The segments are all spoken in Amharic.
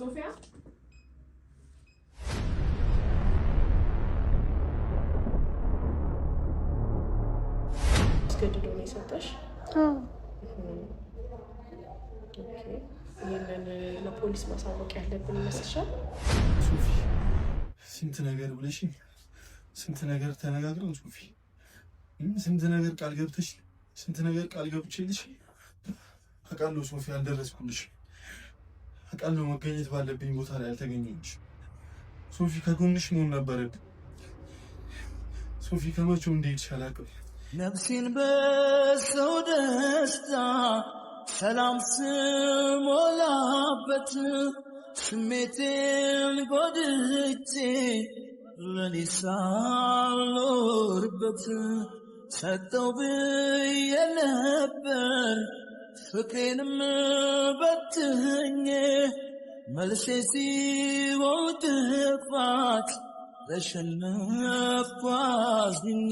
ሶፊያ አስገድዶ ነው የሰጠሽ? ይህንን ለፖሊስ ማሳወቅ ያለብን ይመስልሻል? ስንት ነገር ብለሽ ስንት ነገር ተነጋግረን ሶፊ፣ ስንት ነገር ቃል ገብተሽ ስንት ነገር ቃል ገብቼልሽ አውቃለሁ ሶፊ፣ አልደረስኩልሽ አውቃለሁ መገኘት ባለብኝ ቦታ ላይ አልተገኘች። ሶፊ ከጎንሽ መሆን ነበረብኝ። ሶፊ ከመቼው እንደሄድሽ አላውቅም። ነፍሴን በሰው ደስታ ሰላም ስሞላበት ስሜቴን ጎድቼ እኔ ሳልኖርበት ሰጠው ብዬ ነበር ፍቅሬንም በትህኝ መልሴ ሲቦት ጥፋት ተሸነፍኳዝኝ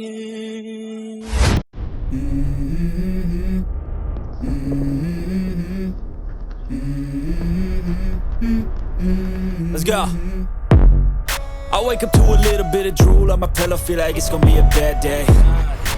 Let's go. I wake up to a little bit of drool on my pillow, feel like it's gonna be a bad day.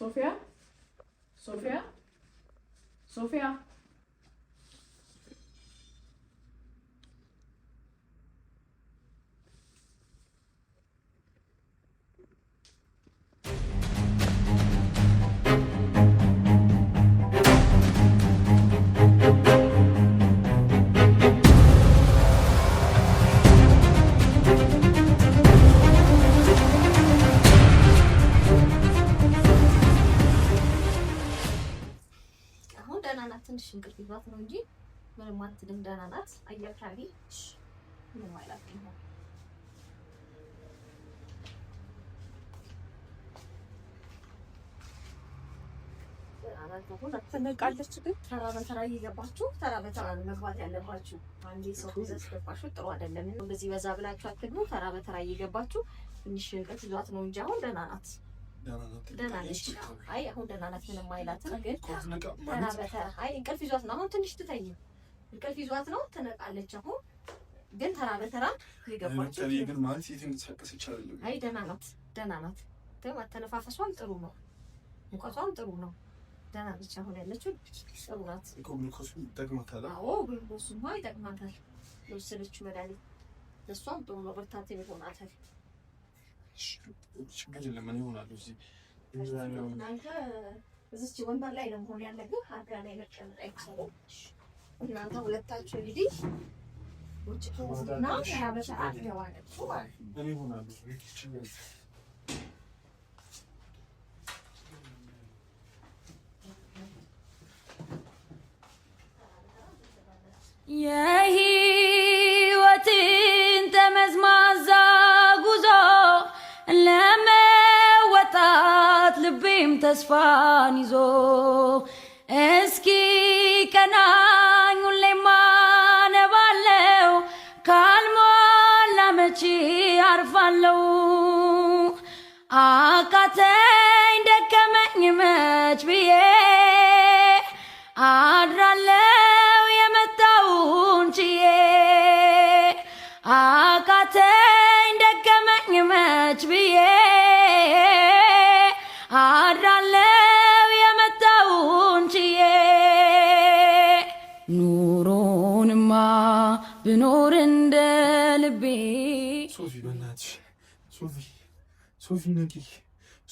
Sofia? Sofia? Sofia? ትነቃለች ግን ተራ በተራ እየገባችሁ ተራ በተራ መግባት ያለባችሁ። አንዴ ሰው ይዘሽ ጥሩ አይደለም። እንደዚህ በዛ ብላችሁ አትግቡ። ተራ በተራ እየገባችሁ ትንሽ ርቀት ይዟት ነው እንጂ አሁን ደህና ናት፣ ደህና ነች። አይ አሁን ደህና ናት፣ ምንም አይላትም። ግን ተራ በተራ አይ እንቅልፍ ይዟት ነው አሁን ትንሽ ትተኝም እንቅልፍ ይዟት ነው ትነቃለች አሁን ግን ተራ በተራ የገባቸው ግን ማለት የት እንድትሰቅስ ይቻላል። አይ ደህና ናት፣ ደህና ናት። ግን አተነፋፈሷም ጥሩ ነው፣ ሙቀቷም ጥሩ ነው። ደህና ነች። አሁን ያለችው ጥሩ ናት። ግሉኮሱ ይጠቅማታል። አዎ ግሉኮሱማ ይጠቅማታል። የወሰደችው መድኃኒት ለእሷም ጥሩ ነው። ብርታት ይሆናታል። ችግር የለም። ምን ይሆናሉ እዚህ እናንተ እዚች ወንበር ላይ ለመሆን ያለብህ። አልጋ ላይ መቀመጥ አይቻልም። እናንተ ሁለታችሁ እንግዲህ የህይወትን ጠመዝማዛ ጉዞ ለመወጣት ልቤም ተስፋን ይዞ 啊，嘎子。ሶፊ ነቂ፣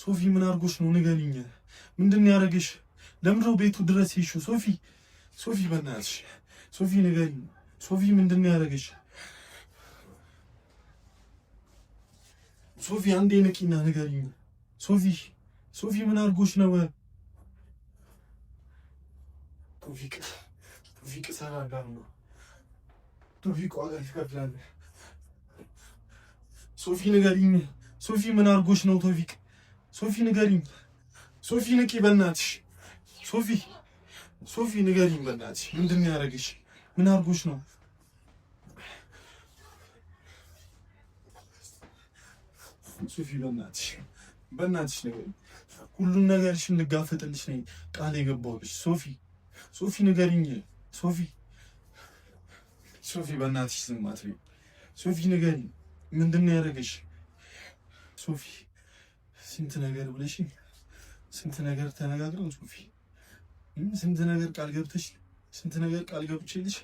ሶፊ ምን አድርጎሽ ነው ንገሪኝ። ምንድን ነው ያደረገሽ? ለምንድነው ቤቱ ድረስ ሄድሽው? ሶፊ ሶፊ፣ በእናትሽ ሶፊ ንገሪኝ። ሶፊ ምንድን ነው ያደረገሽ? ሶፊ አንዴ ነቂና ንገሪኝ። ሶፊ ሶፊ ምን አድርጎሽ ነው? ቶፊቅ ቶፊቅ ሰራ ጋር ነው። ቶፊቅ ዋጋ ትከፍላለህ። ሶፊ ንገሪኝ። ሶፊ ምን አድርጎሽ ነው ቶፊቅ? ሶፊ ንገሪኝ። ሶፊ ንቂ፣ በእናትሽ ሶፊ፣ ሶፊ ንገሪኝ በእናትሽ፣ ምንድን ነው ያደረግሽ? ምን አድርጎሽ ነው? ሶፊ በእናትሽ፣ በእናትሽ ንገሪኝ። ሁሉን ነገርሽ እንጋፈጥልሽ ነኝ ቃል የገባሁልሽ። ሶፊ፣ ሶፊ ንገሪኝ። ሶፊ፣ ሶፊ በእናትሽ ዝም አትበይ። ሶፊ ንገሪኝ፣ ምንድን ነው ያደረግሽ? ሶፊ ስንት ነገር ብለሽ ስንት ነገር ተነጋግረን ሶፊ ስንት ነገር ቃል ገብተሽ ስንት ነገር ቃል ገብቼልሽ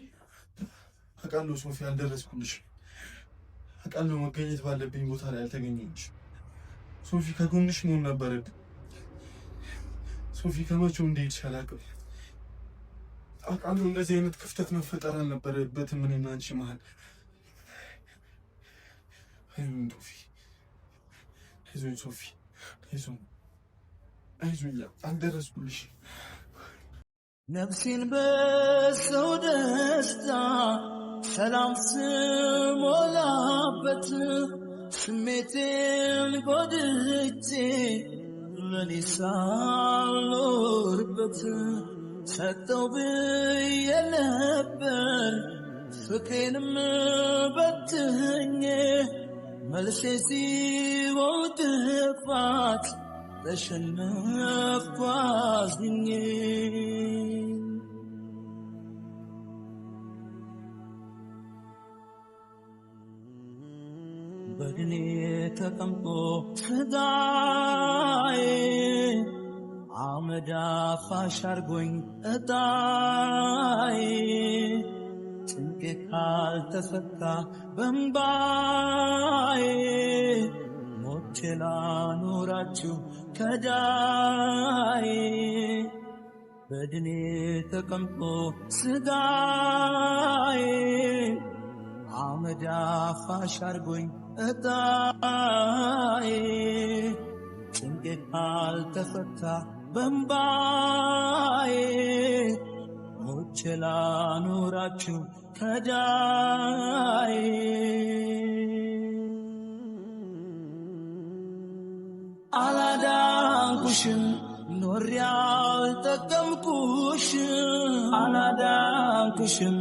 አውቃለሁ ሶፊ አልደረስኩልሽ አውቃለሁ መገኘት ባለብኝ ቦታ ላይ አልተገኘሁልሽ ሶፊ ከጎንሽ መሆን ነበረብኝ ሶፊ ከመቼው እንደሄድሽ አላውቅም አውቃለሁ እንደዚህ አይነት ክፍተት መፈጠር አልነበረበትም እኔና አንቺ መሀል አይዞኝ ሶፊ፣ አይዞኝ አይዞኛ፣ አንደረስኩልሽ። ነፍሴን በሰው ደስታ ሰላም ስሞላበት ስሜቴን ጎድቼ እኔ ሳልኖርበት ሰጠው ብዬ ነበር ፍቅሬንም በትኜ መልሴ ሲሞት ጥፋት ተሸነፍኳዝኝ በድኔ ተቀምጦ ስጋዬ አመዳ ፋሽ አርጎኝ እጣዬ ጭንቄ ካልተፈታ በምባዬ ሞቼ ላኑራችሁ ከዳዬ በድኔ ተቀምጦ ስጋዬ አመዳ ፋሽ አርጎኝ እጣዬ ጭንቄ ካልተፈታ በምባዬ ሞቼ ላኑራችሁ Aladan kuşun nur takam kuşun Aladan kuşun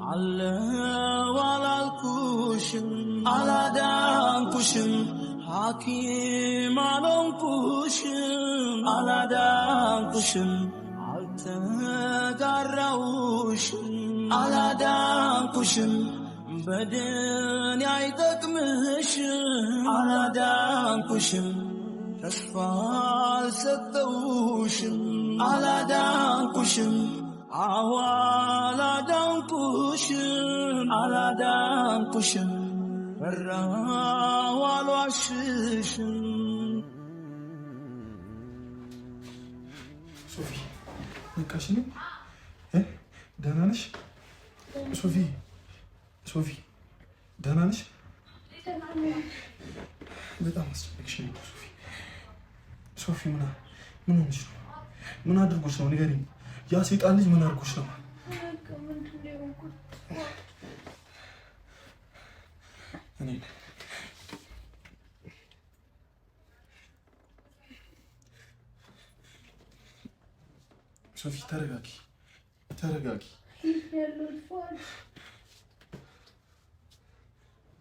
Allah valal kuşun Aladan kuşun hakim alon kuşun Aladan kuşun altı garra uşun Aladan kuşum beden takmışım Aladan kuşum Asfal sattavuşum Aladan kuşum Avaladan kuşum Aladan kuşum Raval aşışım Sofi Ne kaşını? He? Dananış? ሶፊ ሶፊ ደህና ነሽ? በጣም አስጨነቅሽ ነው ሶፊ። ሶፊ ምን ምን ሆንሽ ነው? ምን አድርጎሽ ነው? ንገሪኝ። ያ ሴጣን ልጅ ምን አድርጎሽ ነው? ሶፊ ተረጋጊ፣ ተረጋጊ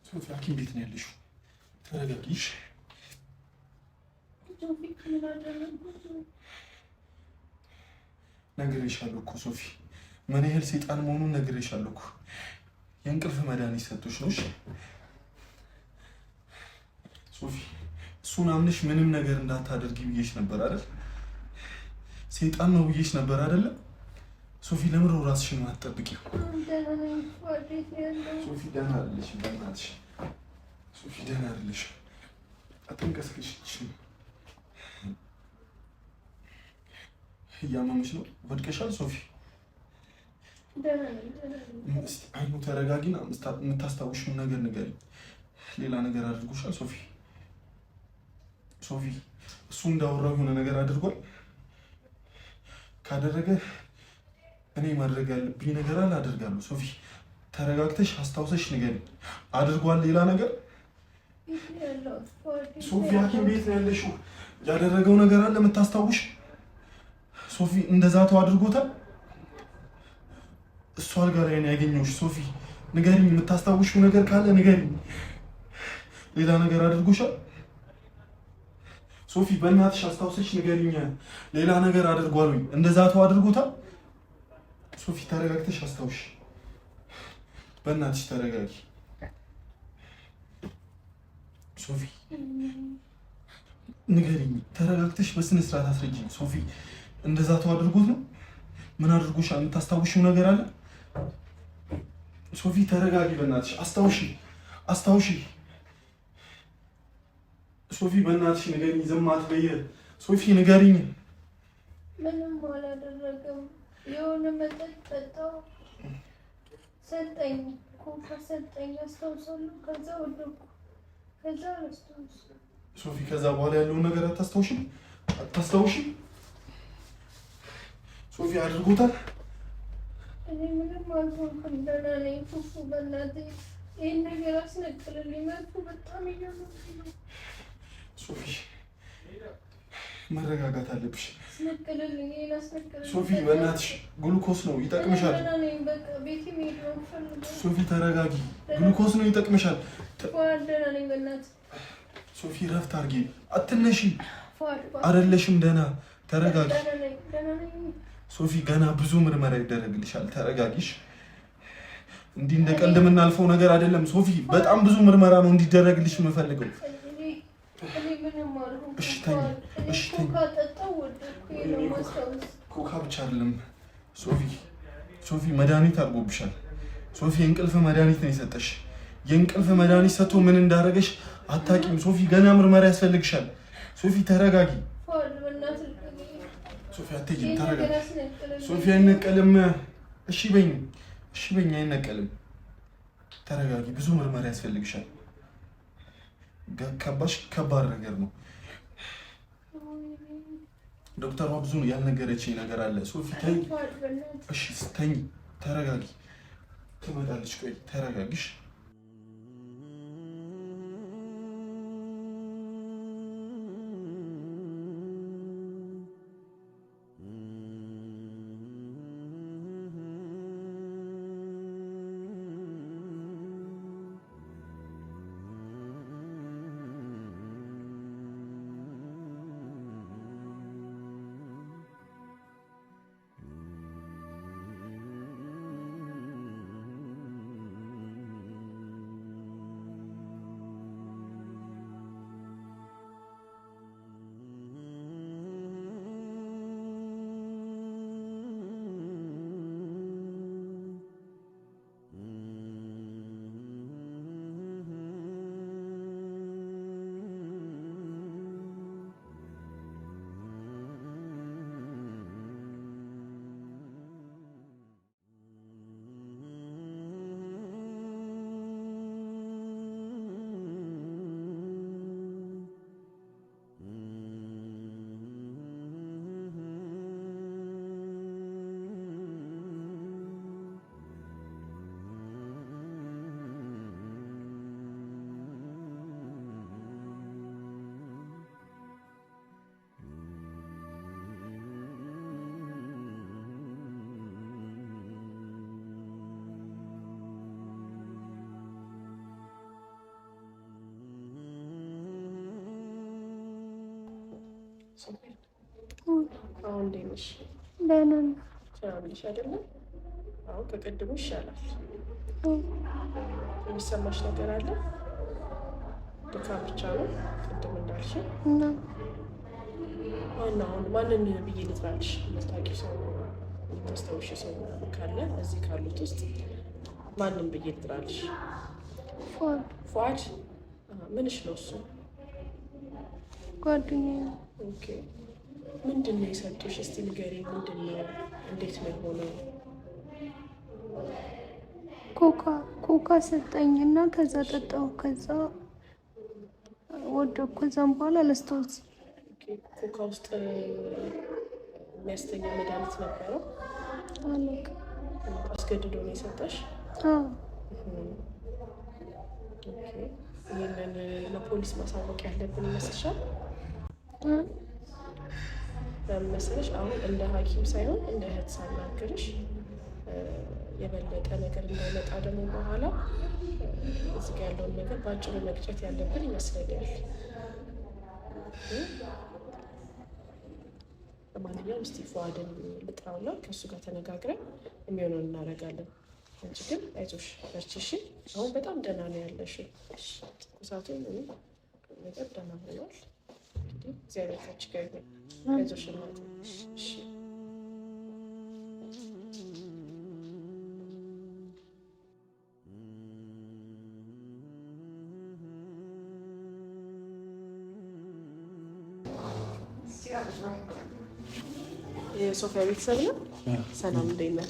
ሶፊያ እንዴት ነው ያለሽው? ተረጋጊሽ። ነግሬሻለሁ እኮ ሶፊ፣ ምን ያህል ሴጣን መሆኑን ነግሬሻለሁ እኮ። የእንቅልፍ መድኃኒት ሰጥቶሽ ነው ሶፊ። እሱን አምነሽ ምንም ነገር እንዳታደርጊ ብዬሽ ነበር አይደል? ሴጣን ነው ብዬሽ ነበር አይደለም? ሶፊ ለምሮ ራስሽን አትጠብቂ። ሶፊ ደህና አይደለሽ፣ በእናትሽ ሶፊ ደህና አይደለሽ። አትንቀስቅሽ። እያመመሽ ነው። ወድቀሻል ሶፊ። አይኑ ተረጋጊና የምታስታውሽውን ነገር ንገሪኝ። ሌላ ነገር አድርጎሻል ሶፊ? ሶፊ እሱ እንዳወራው የሆነ ነገር አድርጓል ካደረገ እኔ ማድረግ ያለብኝ ነገር አለ አደርጋለሁ። ሶፊ ተረጋግተሽ አስታውሰሽ ንገሪኝ። አድርጓል ሌላ ነገር ሶፊ ሐኪም ቤት ነው ያለሽው። ያደረገው ነገር አለ የምታስታውሽ? ሶፊ እንደዛ ተው አድርጎታል። እሷ አልጋ ላይ ነው ያገኘሁሽ። ሶፊ ንገሪኝ፣ የምታስታውሽው ነገር ካለ ንገሪኝ። ሌላ ነገር አድርጎሻል? ሶፊ በእናትሽ አስታውሰሽ ንገሪኝ። ሌላ ነገር አድርጓል ወይ? እንደዛ ተው አድርጎታል። ሶፊ ተረጋግተሽ አስታውሽ። በእናትሽ ተረጋጊ ሶፊ። ንገሪኝ፣ ተረጋግተሽ በስነ ስርዓት አስረጅኝ ሶፊ። እንደዛ ተው አድርጎት ነው? ምን አድርጎሽ? የምታስታውሽው ነገር አለ? ሶፊ ተረጋጊ፣ በእናትሽ አስታውሺ፣ አስታውሺ ሶፊ በእናትሽ ንገሪኝ። ዝም አትበይ ሶፊ፣ ንገሪኝ። ምንም አላደረገም የሆነ መጠጥ ጠጣሁ፣ ሰጠኝ ኮካ ሰጠኝ፣ አስታውሳለሁ። ከዛ ወደኩ፣ ከዛ ሶፊ፣ ከዛ በኋላ ያለውን ነገር አታስታውሽም? አታስታውሽም? ሶፊ አድርጎታል። እኔ ምንም አልሆንኩም፣ ደህና ነኝ። ፉፉ በእናትህ ይህን ነገር አስነቅልልኝ። መልኩ በጣም እያመመኝ ነው ሶፊ መረጋጋት አለብሽ ሶፊ። በእናትሽ ግሉኮስ ነው ይጠቅምሻል። ሶፊ ተረጋጊ፣ ግሉኮስ ነው ይጠቅምሻል። ሶፊ ረፍት አድርጊ፣ አትነሺ፣ አይደለሽም ደህና። ተረጋጊ ሶፊ፣ ገና ብዙ ምርመራ ይደረግልሻል። ተረጋጊሽ። እንዲህ እንደ ቀልድ የምናልፈው ነገር አይደለም ሶፊ። በጣም ብዙ ምርመራ ነው እንዲደረግልሽ የምፈልገው። እሺ ተኝ ኮካ ብቻ አይደለም ሶፊ፣ ሶፊ መድኃኒት አድርጎብሻል። ሶፊ የእንቅልፍ መድኃኒት ነው የሰጠሽ። የእንቅልፍ መድኃኒት ሰጥቶ ምን እንዳደረገሽ አታቂም ሶፊ። ገና ምርመራ ያስፈልግሻል ሶፊ። ተረጋጊ ሶፊ፣ አትሄጂም። ተረጋጊ ሶፊ። አይነቀልም። እሺ በይኝ፣ እሺ በይኝ። አይነቀልም። ተረጋጊ። ብዙ ምርመራ ያስፈልግሻል። ከባሽ ከባድ ነገር ነው። ዶክተር ብዙ ያልነገረችኝ ነገር አለ። ሶፊ ተኝ፣ ተረጋጊ። ትመጣለች። ቆይ ተረጋጊሽ። አሁን እንዴት ነሽ? ደህና ነኝ። ስራ ብልሽ አይደለም? አሁን ከቅድሙ ይሻላል። የሚሰማሽ ነገር አለ? ድካም ብቻ ነው ቅድም እንዳልሽ እና ዋና አሁን ማንን ብዬ ልጥራልሽ? የምታውቂው ሰው የምታስታውሽ ሰው ካለ እዚህ ካሉት ውስጥ ማንን ብዬ ልጥራልሽ? ፏድ ምንሽ ነው እሱ? ጓደኛዬ። ኦኬ ምንድን ነው የሰጡሽ? እስቲ ንገሪኝ። ምንድን ነው? እንዴት ነው የሆነው? ኮካ ኮካ ሰጠኝና ከዛ ጠጣው ከዛ ወደኩ። ከዛም በኋላ አላስታውስ። ኮካ ውስጥ የሚያስተኛ መድኃኒት ነበረው አስገድዶ ነው የሰጠሽ? ይህንን ለፖሊስ ማሳወቅ ያለብን ይመስልሻል? መሰለሽ አሁን እንደ ሐኪም ሳይሆን እንደ እህት ሳናግርሽ የበለጠ ነገር እንዳይመጣ ደግሞ በኋላ እዚህ ጋ ያለውን ነገር በአጭሩ መቅጨት ያለብን ይመስለኛል። ለማንኛውም እስቲ ፉአድን ልጥራውና ከእሱ ጋር ተነጋግረን የሚሆነውን እናደርጋለን። አንቺ ግን አይዞሽ በርቺሽ። አሁን በጣም ደህና ነው ያለሽ። ትኩሳቱ ነገር ደህና ሆኗል። እግዚአብሔር ከአንቺ ጋር ይሁን። አይዞሽ እናቴ። የሶፊያ ቤተሰብ ነው። ሰላም፣ እንዴት ነህ?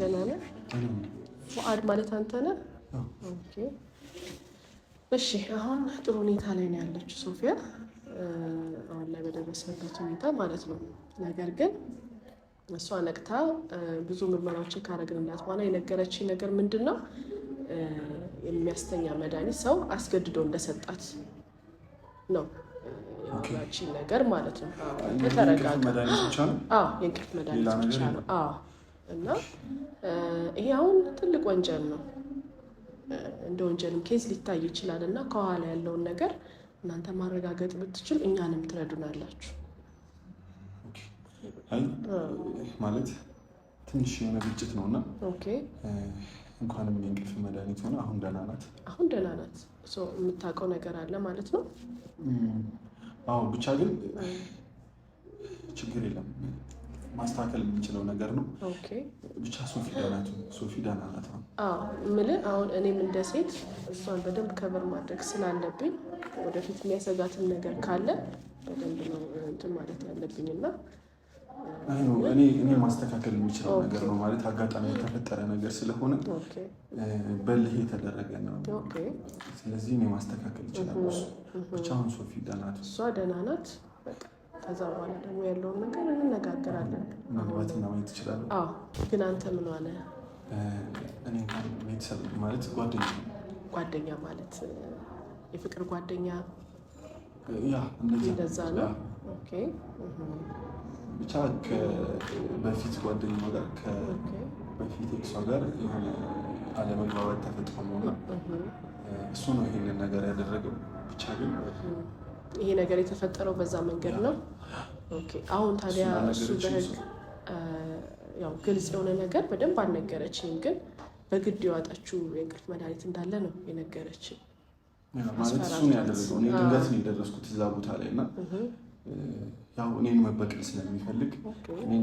ደህና ነህ? ፉአድ ማለት አንተ ነህ? እሺ። አሁን ጥሩ ሁኔታ ላይ ነው ያለችው ሶፊያ አሁን ላይ በደረሰበት ሁኔታ ማለት ነው። ነገር ግን እሷ ነቅታ ብዙ ምርመራዎችን ካረግንላት በኋላ የነገረችኝ ነገር ምንድን ነው የሚያስተኛ መድኃኒት ሰው አስገድዶ እንደሰጣት ነው ያቺን ነገር ማለት ነው። ተረጋጋ የእንቅልፍ መድኃኒት ብቻ ነው እና ይሄ አሁን ትልቅ ወንጀል ነው። እንደ ወንጀልም ኬዝ ሊታይ ይችላል እና ከኋላ ያለውን ነገር እናንተ ማረጋገጥ ብትችል እኛንም ትረዱናላችሁ። ማለት ትንሽ የሆነ ግጭት ነው እና እንኳንም የእንቅልፍ መድኃኒት ሆነ። አሁን ደህና ናት፣ አሁን ደህና ናት። የምታውቀው ነገር አለ ማለት ነው። አዎ ብቻ ግን ችግር የለም ማስተካከል የምንችለው ነገር ነው። ብቻ ሶፊ ዳናቱ ሶፊ ዳናናት ነው አሁን እኔም እንደ ሴት እሷን በደንብ ከበር ማድረግ ስላለብኝ ወደፊት የሚያሰጋትም ነገር ካለ በደንብ ነው እንትን ማለት ያለብኝ እና እኔ ማስተካከል የሚችለው ነገር ነው ማለት አጋጣሚ የተፈጠረ ነገር ስለሆነ በልህ የተደረገ ነው። ስለዚህ እኔ ማስተካከል ይችላል። ብቻ አሁን ሶፊ ዳናት እሷ ደህና ናት በቃ ከዛ በኋላ ደግሞ ያለውን ነገር እንነጋገራለን። መግባት እና ማየት ትችላለህ። ግን አንተ ምን ሆነ? እኔ ቤተሰብ ማለት ጓደኛ ጓደኛ ማለት የፍቅር ጓደኛ ያ እንደዛ ነው። ብቻ በፊት ጓደኛ ጋር በፊት ኤክሷ ጋር የሆነ አለመግባባት ተፈጥሮ ነው እና እሱ ነው ይሄንን ነገር ያደረገው ብቻ ግን ይሄ ነገር የተፈጠረው በዛ መንገድ ነው። አሁን ታዲያ እሱ በህግ ያው ግልጽ የሆነ ነገር በደንብ አልነገረችኝም፣ ግን በግድ የዋጠችው የእንቅልፍ መድኃኒት እንዳለ ነው የነገረችኝ። ማለት እሱ ነው ያደረገው። እኔ ድንገት ነው የደረስኩት እዛ ቦታ ላይ እና ያው እኔን መበቀል ስለሚፈልግ እኔን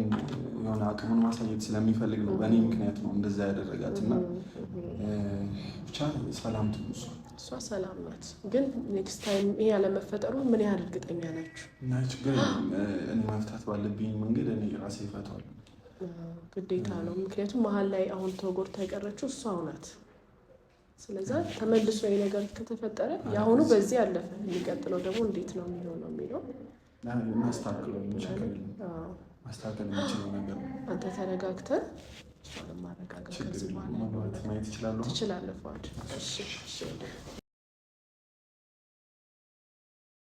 የሆነ አቅሙን ማሳየት ስለሚፈልግ ነው በእኔ ምክንያት ነው እንደዛ ያደረጋት እና ብቻ ሰላም ትንሷል እሷ ሰላም ናት። ግን ኔክስት ታይም ይሄ ያለመፈጠሩ ምን ያህል እርግጠኛ ናችሁ? እና ችግር እኔ መፍታት ባለብኝ መንገድ እኔ ራሴ እፈታዋለሁ። ግዴታ ነው። ምክንያቱም መሀል ላይ አሁን ተጎድታ የቀረችው እሷ ናት። ስለዛ ተመልሶ ይሄ ነገር ከተፈጠረ የአሁኑ በዚህ ያለፈ የሚቀጥለው ደግሞ እንዴት ነው የሚሆነው የሚለው ማስተካከል የሚችለው ነገር አንተ ተረጋግተህ ማረጋጋት ትችላለህ።